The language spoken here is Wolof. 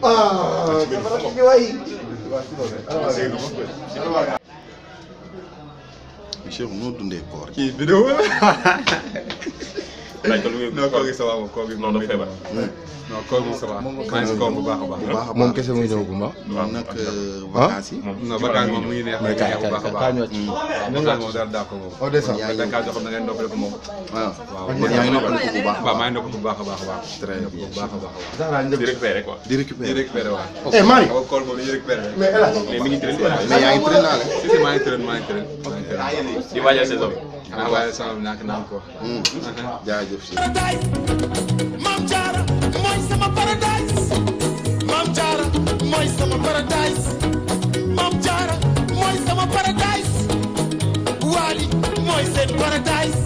아, 그럼 이게 와이. Cheikh noo dundee koor. kii vidéo la. laaj ko lu muy. non koo gi ça va moom koo gi moom dafa feebar. non a baax. moom kese mu ñëw bu ma. waaw nag ah, euh, ah? vacances mu ngi neex. kay moom daal moom moom. au descente yaa ngi nekk da ngeen noppale ko moom. waaw waaw yaa ngi noppale ko bu baax a baax. Mm. Oh, ah. waaw maa ngi noppale ko bu baax a baax a baax. très bien a a eh, naa la. xanaa waaye sama naak maam jaara mooy sama paradise maam jaara mooy sama paradise maam jaara mooy sama paradise waali mooy seen paradise